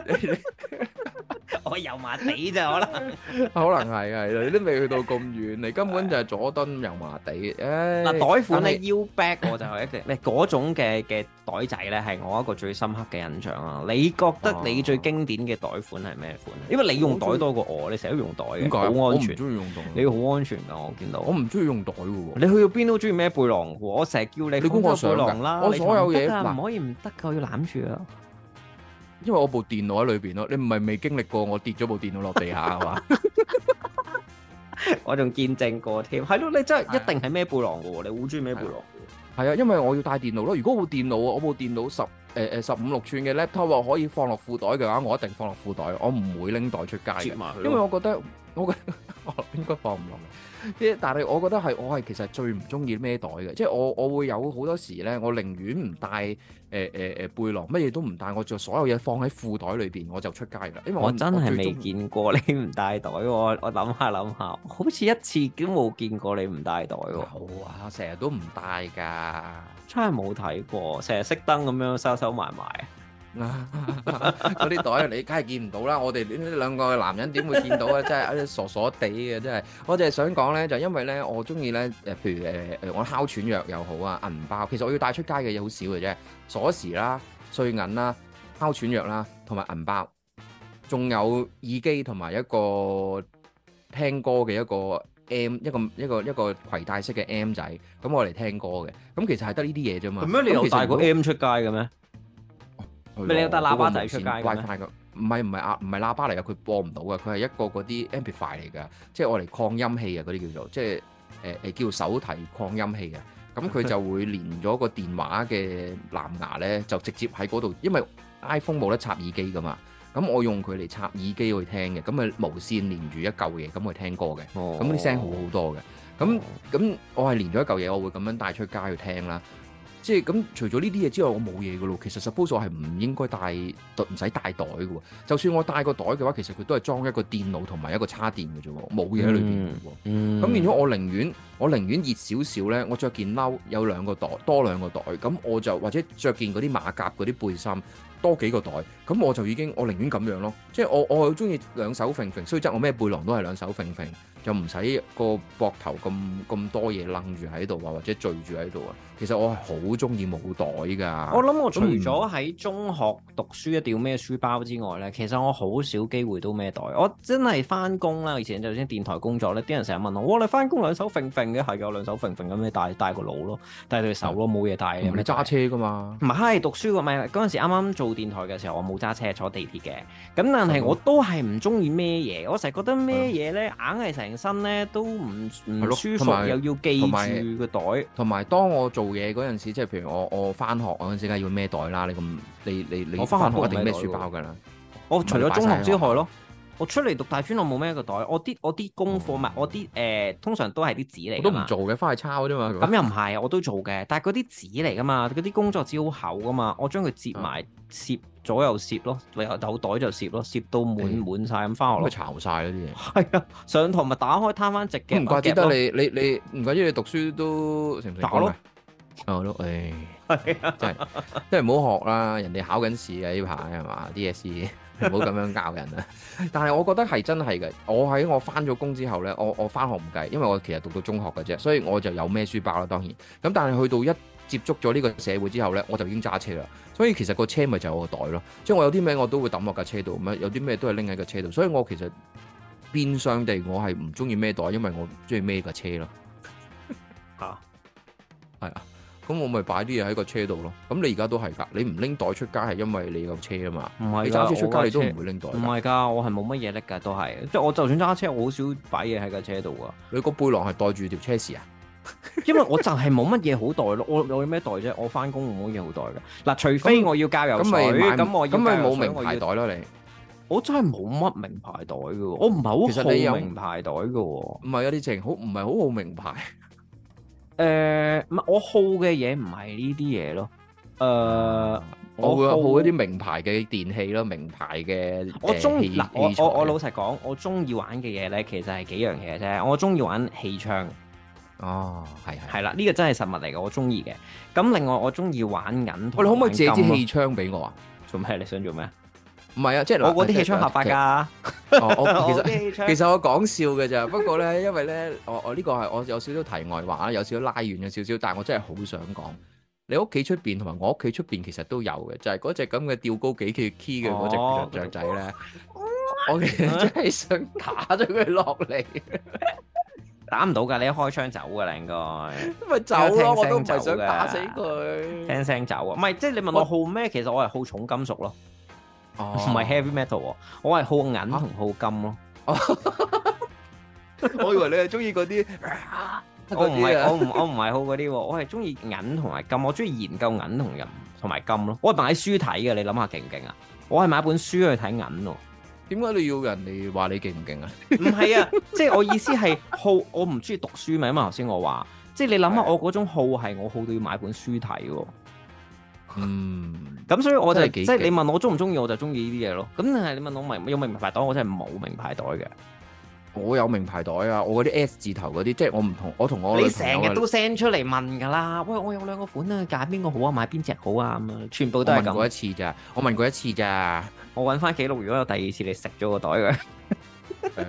我油麻地咋可能，可能係係啦，你都未去到咁遠，你根本就係佐敦油麻地。唉，袋款你腰背我就係一個咩嗰種嘅嘅袋仔咧，係我一個最深刻嘅印象啦。你覺得你最經典嘅袋款係咩款？因為你用袋多過我，你成日都用袋，點解？好安全。我唔中意用袋，你好安全噶。我見到我唔中意用袋嘅喎，你去到邊都中意孭背囊。我成日叫你，你估我想啦。我所有嘢唔可以唔得噶，我要攬住啊！因為我部電腦喺裏邊咯，你唔係未經歷過我跌咗部電腦落地下係嘛？ 吧 我仲見證過添，係咯，你真係一定係咩背囊嘅喎？啊、你好中意咩背囊？係啊，因為我要帶電腦咯。如果部電腦啊，我部電腦十誒誒、呃、十五六寸嘅 laptop 啊，我可以放落褲袋嘅話，我一定放落褲袋，我唔會拎袋出街，因為我覺得。我，我覺得應該放唔落，即但係我覺得係我係其實最唔中意孭袋嘅，即係我我會有好多時咧，我寧願唔帶誒誒誒背囊，乜嘢都唔帶，我就所有嘢放喺褲袋裏邊，我就出街啦。因為我，我真係未見過你唔帶袋喎，我諗下諗下，好似一次都冇見過你唔帶袋喎。有啊，成日都唔帶㗎，真係冇睇過，成日熄燈咁樣收收埋埋。嗱，嗰啲袋你梗係見唔到啦！我哋呢兩個男人點會見到啊？真係一啲傻傻地嘅，真係。我淨係想講咧，就因為咧，我中意咧誒，譬如誒誒，我哮喘藥又好啊，銀包。其實我要帶出街嘅嘢好少嘅啫，鎖匙啦、碎銀啦、哮喘藥啦，同埋銀包，仲有耳機同埋一個聽歌嘅一個 M，一個一個一個攜帶式嘅 M 仔，咁我嚟聽歌嘅。咁其實係得呢啲嘢啫嘛。咁樣你有帶個 M 出街嘅咩？你有得喇叭仔，出街？唔係唔係啊！唔係喇叭嚟噶，佢播唔到噶。佢係一個嗰啲 amplifier 嚟噶，即係我嚟擴音器啊！嗰啲叫做，即係誒誒，叫做手提擴音器啊！咁佢就會連咗個電話嘅藍牙咧，就直接喺嗰度。因為 iPhone 冇得插耳機噶嘛，咁我用佢嚟插耳機去聽嘅。咁咪無線連住一嚿嘢，咁去聽歌嘅。哦、oh，咁啲聲好好多嘅。咁咁，我係連咗一嚿嘢，我會咁樣帶出街去，去聽啦。即係咁，除咗呢啲嘢之外，我冇嘢噶咯。其實 suppose 我係唔應該帶，唔使帶袋嘅喎。就算我帶個袋嘅話，其實佢都係裝一個電腦同埋一個叉電嘅啫喎，冇嘢喺裏邊嘅喎。嗯。咁變咗我寧願。我寧願熱少少呢，我着件褸有兩個袋，多兩個袋，咁我就或者着件嗰啲馬甲嗰啲背心，多幾個袋，咁我就已經我寧願咁樣咯。即係我我好中意兩手揈揈，所以則我孭背囊都係兩手揈揈，就唔使個膊頭咁咁多嘢楞住喺度啊，或者聚住喺度啊。其實我係好中意冇袋㗎。我諗我除咗喺中學讀書一定要孭書包之外呢，其實我好少機會都孭袋。我真係返工啦，以前就先電台工作呢。啲人成日問我，你返工兩手揈揈。咁嘅係有兩手揈揈咁，你帶帶個腦咯，帶對手咯，冇嘢帶。你揸車噶嘛？唔係，係讀書嘅，唔係嗰陣時啱啱做電台嘅時候，我冇揸車，坐地鐵嘅。咁但係我都係唔中意咩嘢，我成日覺得咩嘢咧，硬係成身咧都唔唔舒服，又要記住個袋。同埋，當我做嘢嗰陣時，即係譬如我我返學嗰陣時，梗係要孭袋啦。你咁，你你你返學一定孭書包噶啦。我除咗中學之外咯。我出嚟讀大專，我冇咩一個袋，我啲、嗯、我啲功課咪我啲誒，通常都係啲紙嚟嘅。我都唔做嘅，翻去抄啫嘛。咁又唔係，我都做嘅，但係嗰啲紙嚟噶嘛，嗰啲工作紙好厚噶嘛，我將佢折埋，摺、嗯、左右摺咯，有有袋就摺咯，摺到滿滿晒咁翻學。咪、欸、巢晒咯啲嘢。係啊，上堂咪打開攤翻直嘅。唔怪之得你你你，唔怪之你讀書都成唔成我都誒、係啊，真係真係唔好學啦，人哋考緊試啊呢排係嘛，啲嘢事唔好咁樣教人啊。但係我覺得係真係嘅，我喺我翻咗工之後咧，我我翻學唔計，因為我其實讀到中學嘅啫，所以我就有孭書包啦。當然，咁但係去到一接觸咗呢個社會之後咧，我就已經揸車啦。所以其實個車咪就係我個袋咯，即係我有啲咩我都會抌落架車度，咩有啲咩都係拎喺架車度。所以我其實變相地我係唔中意孭袋，因為我中意孭架車咯。吓，係啊。咁我咪擺啲嘢喺個車度咯。咁你而家都係噶，你唔拎袋出街係因為你有車啊嘛。唔係，揸車出街你都唔會拎袋。唔係噶，我係冇乜嘢拎噶，都係。即係我就算揸車，我好少擺嘢喺個車度啊。你個背囊係袋住條車匙啊？因為我就係冇乜嘢好袋咯。我我有咩袋啫？我翻工冇乜嘢好袋噶。嗱，除非我要加油，咁咪咁我咁咪冇名牌袋咯。你我真係冇乜名牌袋噶。我唔係好其實你有名牌袋噶。唔係啊，有啲情好唔係好好名牌。誒，唔係、呃、我好嘅嘢唔係呢啲嘢咯，誒、呃，我，我會好一啲名牌嘅電器咯，名牌嘅、呃氣啊。我中意嗱我我我老實講，我中意玩嘅嘢咧，其實係幾樣嘢啫。我中意玩氣槍。哦，係係啦，呢、這個真係實物嚟嘅。我中意嘅。咁另外我中意玩銀。喂，你可唔可以借支氣槍俾我啊？做咩？你想做咩？唔係啊，即、就、係、是、我嗰啲氣槍合法噶。我我其實其實我講笑嘅咋，不過咧，因為咧，我我呢個係我有少少題外話啦，有少少拉遠咗少少，但係我真係好想講，你屋企出邊同埋我屋企出邊其實都有嘅，就係嗰隻咁嘅吊高幾 key key 嘅嗰隻雀仔咧，我其實真係想打咗佢落嚟，打唔到㗎，你一開槍走㗎啦，應該。咪走咯，我都唔係想打死佢。聽聲走啊，唔係即係你問我好咩？其實我係好重金屬咯。哦，唔係 heavy metal 我係好銀同好金咯。啊、 我以為你係中意嗰啲，我唔係，我唔我唔係好嗰啲，我係中意銀同埋金，我中意研究銀同銀同埋金咯。我係買書睇嘅，你諗下勁唔勁啊？我係買本書去睇銀咯。點解你要人哋話你勁唔勁啊？唔 係啊，即係我意思係好，我唔中意讀書咪，因為頭先我話，即係你諗下我嗰種好係我好到要買本書睇喎。嗯，咁所以我就幾即係你問我中唔中意，我就中意呢啲嘢咯。咁但係你問我咪有冇名牌袋，我真係冇名牌袋嘅。我有名牌袋啊，我嗰啲 S 字頭嗰啲，即係我唔同我同我你成日都 send 出嚟問噶啦。喂，我有兩個款啊，揀邊個好啊，買邊隻好啊，咁啊，全部都係咁。我問過一次咋，我問過一次咋，我揾翻記錄。如果有第二次你食咗個袋嘅，誒、 呃，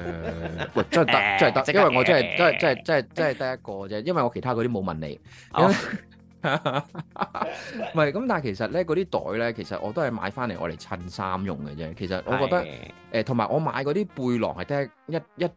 喂，真係得，真係得，因為我真係真真真、欸、真真係得一個啫，因為我其他嗰啲冇問你。Oh. 唔係，咁 但係其實咧，嗰啲袋咧，其實我都係買翻嚟我嚟襯衫用嘅啫。其實我覺得，誒同埋我買嗰啲背囊係得一一。一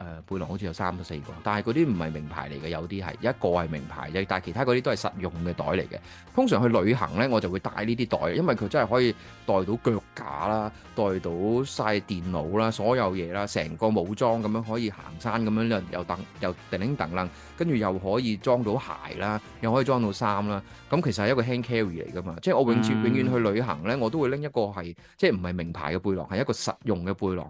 誒、呃、背囊好似有三到四個，但係嗰啲唔係名牌嚟嘅，有啲係一個係名牌嘅，但係其他嗰啲都係實用嘅袋嚟嘅。通常去旅行呢，我就會帶呢啲袋，因為佢真係可以袋到腳架啦，袋到晒電腦啦，所有嘢啦，成個武裝咁樣可以行山咁樣又又叮叮噔噔，跟住又可以裝到鞋啦，又可以裝到衫啦。咁其實係一個 hand carry 嚟噶嘛，即係我永設、嗯、永遠去旅行呢，我都會拎一個係即係唔係名牌嘅背囊，係一個實用嘅背囊。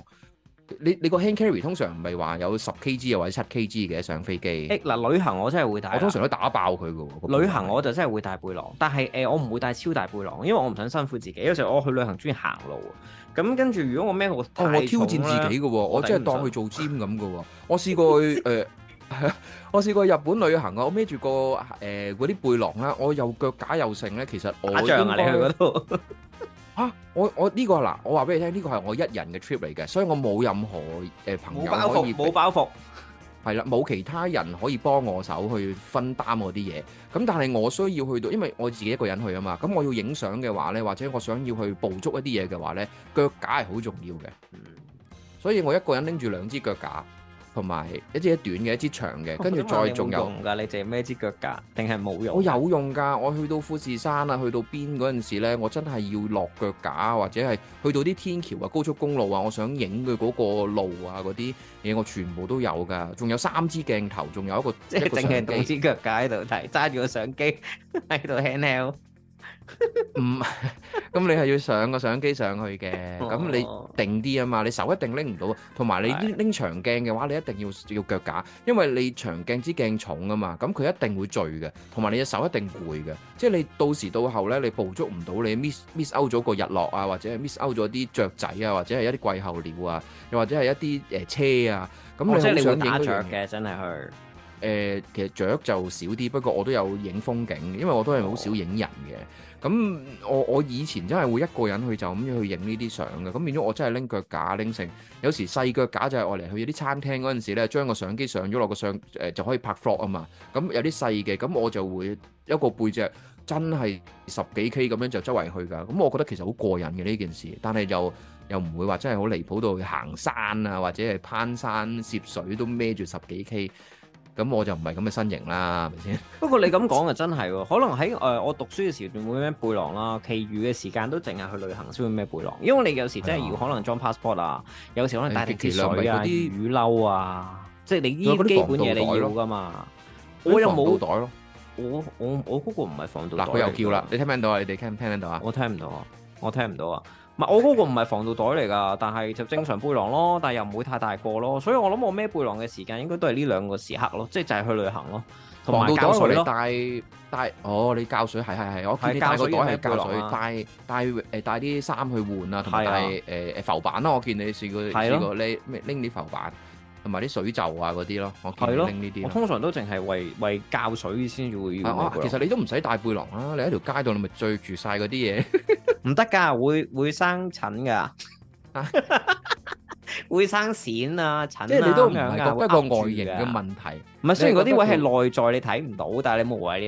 你你個 hand carry 通常唔係話有十 kg 啊或者七 kg 嘅上飛機？嗱、呃呃，旅行我真係會帶。我通常都打爆佢嘅喎。旅行我就真係會帶背囊，但係誒、呃、我唔會帶超大背囊，因為我唔想辛苦自己。有時我去旅行中意行路啊。咁跟住如果我孭個、哦，我挑戰自己嘅喎，我，我真係當佢做 gym 咁嘅喎。我試過去、 呃、我試過日本旅行啊，我孭住個誒嗰啲背囊啦，我又腳架又剩咧，其實我。仗都 啊！我我呢個嗱，我話俾你聽，呢個係我一人嘅 trip 嚟嘅，所以我冇任何誒、呃、朋友可以冇包袱，係啦，冇其他人可以幫我手去分擔我啲嘢。咁但係我需要去到，因為我自己一個人去啊嘛。咁我要影相嘅話呢，或者我想要去捕捉一啲嘢嘅話呢，腳架係好重要嘅。所以我一個人拎住兩支腳架。同埋一支一短嘅一支長嘅，跟住再仲有㗎。你借咩支腳架？定係冇用？我有用㗎，我去到富士山啊，去到邊嗰陣時咧，我真係要落腳架，或者係去到啲天橋啊、高速公路啊，我想影佢嗰個路啊嗰啲嘢，我全部都有㗎。仲有三支鏡頭，仲有一個，即係淨係攞支腳架喺度睇，揸住個相機喺度 handheld 唔，咁 你係要上個相機上去嘅，咁你定啲啊嘛，你手一定拎唔到，同埋你拎長鏡嘅話，你一定要要腳架，因為你長鏡之鏡重啊嘛，咁佢一定會墜嘅，同埋你嘅手一定攰嘅，即係你到時到後咧，你捕捉唔到，你 miss miss out 咗個日落啊，或者係 miss out 咗啲雀仔啊，或者係一啲季候鳥啊，又或者係一啲誒車啊，咁、哦很哦、即係你想影雀嘅，真係去，誒、呃，其實雀就少啲，不過我都有影風景，因為我都係好少影人嘅。哦咁我我以前真係會一個人去就咁樣去影呢啲相嘅，咁變咗我真係拎腳架拎成，有時細腳架就係愛嚟去啲餐廳嗰陣時咧，將個相機上咗落個相誒、呃、就可以拍 Vlog 啊嘛，咁有啲細嘅，咁我就會一個背脊真係十幾 K 咁樣就周圍去㗎，咁我覺得其實好過癮嘅呢件事，但係又又唔會話真係好離譜到去行山啊或者係攀山涉水都孭住十幾 K。咁我就唔係咁嘅身形啦，係咪先？不過你咁講啊，真係，可能喺誒、呃、我讀書嘅時段會咩背囊啦，其餘嘅時間都淨係去旅行先會咩背囊？因為你有時真係要可能裝 passport 啊，嗯、有時可能帶啲潛水啊、雨褸啊，即係你呢啲基本嘢你要噶嘛？啊、我又冇袋咯，我我我嗰個唔係防盜袋。嗱吧，佢又叫啦，你聽唔聽到啊？你哋聽唔、啊、聽得到啊？我聽唔到，我聽唔到啊！我嗰個唔係防盜袋嚟噶，但係就正常背囊咯，但係又唔會太大個咯，所以我諗我孭背，背囊嘅時間應該都係呢兩個時刻咯，即係就係去旅行咯，同埋袋水咯，帶帶哦，你膠水係係係，我見你帶膠水袋係膠水，帶帶誒帶啲衫去換啊，同埋誒浮板咯，我見你試過、啊、試過你拎啲浮板。同埋啲水袖啊嗰啲咯，我叫拎呢啲。我通常都淨係為為教水先會用。其實你都唔使帶背囊啊！你喺條街度你咪追住晒嗰啲嘢，唔得噶，會會生疹噶，會生蘚啊疹啊咁樣噶，不過外形嘅問題。唔係，雖然嗰啲位係內在你睇唔到，但係你無謂你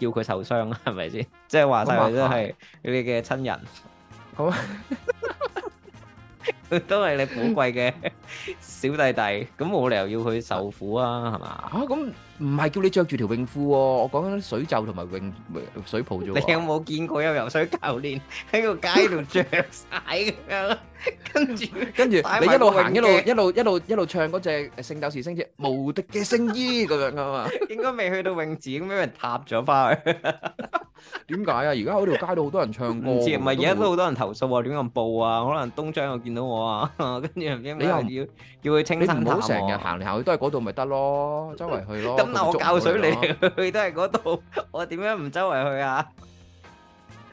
要叫佢受傷啦，係咪先？即係話真係真係你嘅親人。好。都係你寶貴嘅小弟弟，咁冇理由要佢受苦啊，係嘛？啊，咁唔係叫你着住條泳褲，我講緊水袖同埋泳水泡啫。你有冇見過有游水教練喺個街度着晒咁樣？跟住跟住，你一路行一路一路一路一路唱嗰隻《聖鬥士星矢無敵嘅聖衣》咁樣噶嘛？應該未去到泳池，咁俾人踏咗翻去。點解啊？而家喺條街度好多人唱歌，唔係而家都好多人投訴啊？點樣報啊？可能東張又見到我。跟住、哦、你又要叫佢清你唔好成日行嚟行去都係嗰度，咪得咯？周圍去咯。咁我教水你，去 都係嗰度，我點樣唔周圍去啊？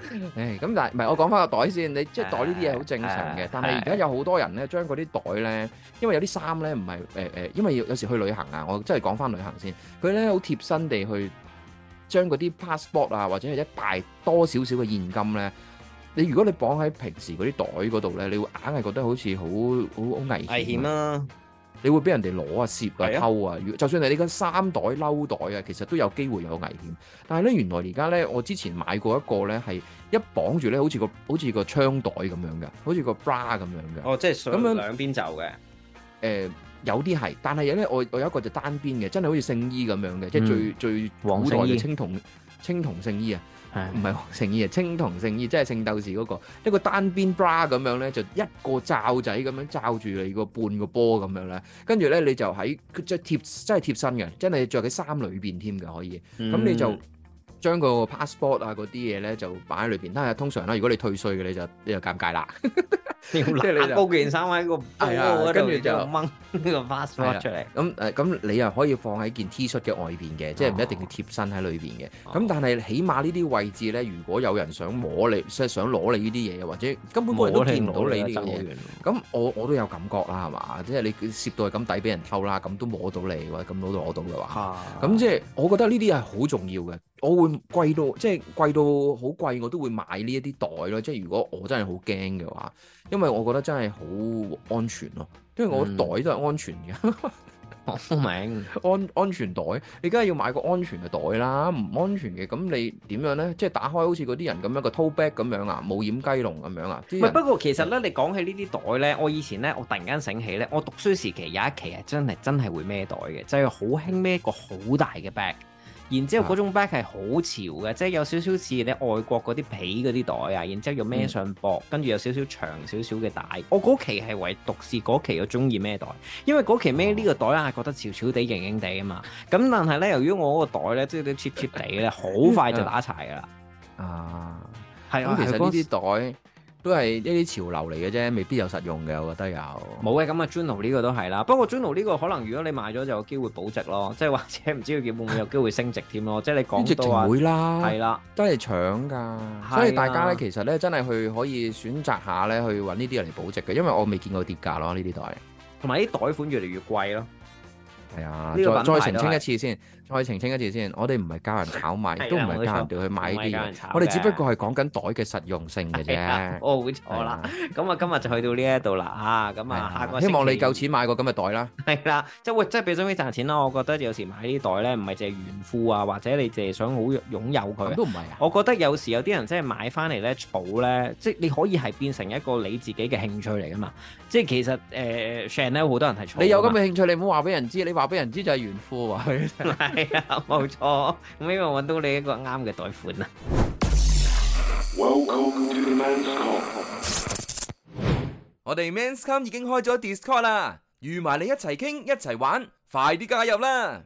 誒、 哎、咁、嗯、但係唔係？我講翻個袋先，你即係袋、哎、呀袋呢啲嘢好正常嘅，但係而家有好多人咧，將嗰啲袋咧，因為有啲衫咧唔係誒誒，因為有有時去旅行啊，我真係講翻旅行先，佢咧好貼身地去將嗰啲 passport 啊，或者係一排多少少嘅現金咧。你如果你綁喺平時嗰啲袋嗰度咧，你會硬係覺得好似好好好危險危險啦，啊！你會俾人哋攞啊、攝啊、偷啊，就算你你個衫袋、褸袋啊，其實都有機會有危險。但係咧，原來而家咧，我之前買過一個咧，係一綁住咧，好似個好似個槍袋咁樣嘅，好似個，個 bra 咁樣嘅。哦，即係咁樣兩邊走嘅。誒、呃，有啲係，但係咧，我我有一個就單邊嘅，真係好似聖衣咁樣嘅，即係最、嗯、最古代嘅青銅青銅，青銅聖衣啊！唔係聖衣啊，青銅聖衣，即係聖鬥士嗰個一個單邊 bra 咁樣咧，就一個罩仔咁樣罩住你個半個波咁樣咧，跟住咧，你就喺即係貼，真係貼身嘅，真係着喺衫裏邊添嘅可以，咁你就。嗯將個 passport 啊嗰啲嘢咧就擺喺裏邊。但係通常咧，如果你退稅嘅，你就你就尷尬啦。即係你就高件衫喺個，係啊，跟住就掹呢個 passport 出嚟。咁誒，咁你又可以放喺件 T 恤嘅外邊嘅，即係唔一定要貼身喺裏邊嘅。咁但係起碼呢啲位置咧，如果有人想摸你，即係想攞你呢啲嘢，或者根本個人都見唔到你呢啲嘢。咁我我都有感覺啦，係嘛？即係你攝到係咁底俾人偷啦，咁都摸到你，或者咁攞到攞到嘅話。咁即係我覺得呢啲係好重要嘅。我會貴到即係貴到好貴，我都會買呢一啲袋咯。即係如果我真係好驚嘅話，因為我覺得真係好安全咯。因為我袋都係安全嘅。我明安安全袋，你梗係要買個安全嘅袋啦。唔安全嘅咁你點樣呢？即係打開好似嗰啲人咁樣個 tote bag 咁樣啊，冇掩雞籠咁樣啊。不過其實呢，你講起呢啲袋呢，我以前呢，我突然間醒起呢，我讀書時期有一期係真係真係會孭袋嘅，就係好興孭一個好大嘅 bag。然之後嗰種 bag 係好潮嘅，啊、即係有少少似你外國嗰啲皮嗰啲袋啊，然之後又孭上膊，嗯、跟住有少少長少少嘅帶。我嗰期係唯獨試嗰期我中意咩袋，因為嗰期孭呢個袋呢啊，覺得潮潮地、型型地啊嘛。咁但係咧，由於我嗰個袋咧都都 cheap cheap 地啦，好、啊、快就打柴啦。啊，係啊，其實呢啲是袋。都係一啲潮流嚟嘅啫，未必有實用嘅，我覺得有。冇嘅咁啊 Juno 呢個都係啦。不過 Juno 呢個可能如果你買咗就有機會保值咯，即係或者唔知佢叫會唔會有機會升值添咯。即係你講到啊，係啦，都係搶㗎。所以大家咧，其實咧真係去可以選擇下咧，去揾呢啲人嚟保值嘅，因為我未見過跌價咯，呢啲袋。同埋啲袋款越嚟越貴咯。係啊、哎呀，再再澄清一次先。可以澄清一陣先，我哋唔係教人炒賣，都唔係教人哋掉去買呢啲嘢。我哋只不過係講緊袋嘅實用性嘅啫。哦，冇錯啦。咁啊，今日就去到呢一度啦啊。咁啊，下個希望你夠錢買個咁嘅袋啦。係啦，即係會即係俾心機賺錢啦。我覺得有時買呢啲袋咧，唔係淨係炫富啊，或者你淨係想好擁有佢。咁都唔係啊。我覺得有時有啲人即係買翻嚟咧，儲咧，即係你可以係變成一個你自己嘅興趣嚟噶嘛。即係其實誒，Chanel 咧，好多人係儲。你有咁嘅興趣，你唔好話俾人知。你話俾人知就係炫富啊！冇 錯，希望揾到你一個啱嘅袋款啊！我哋 Men's Come 已經開咗 Discord 啦，預埋你一齊傾一齊玩，快啲加入啦！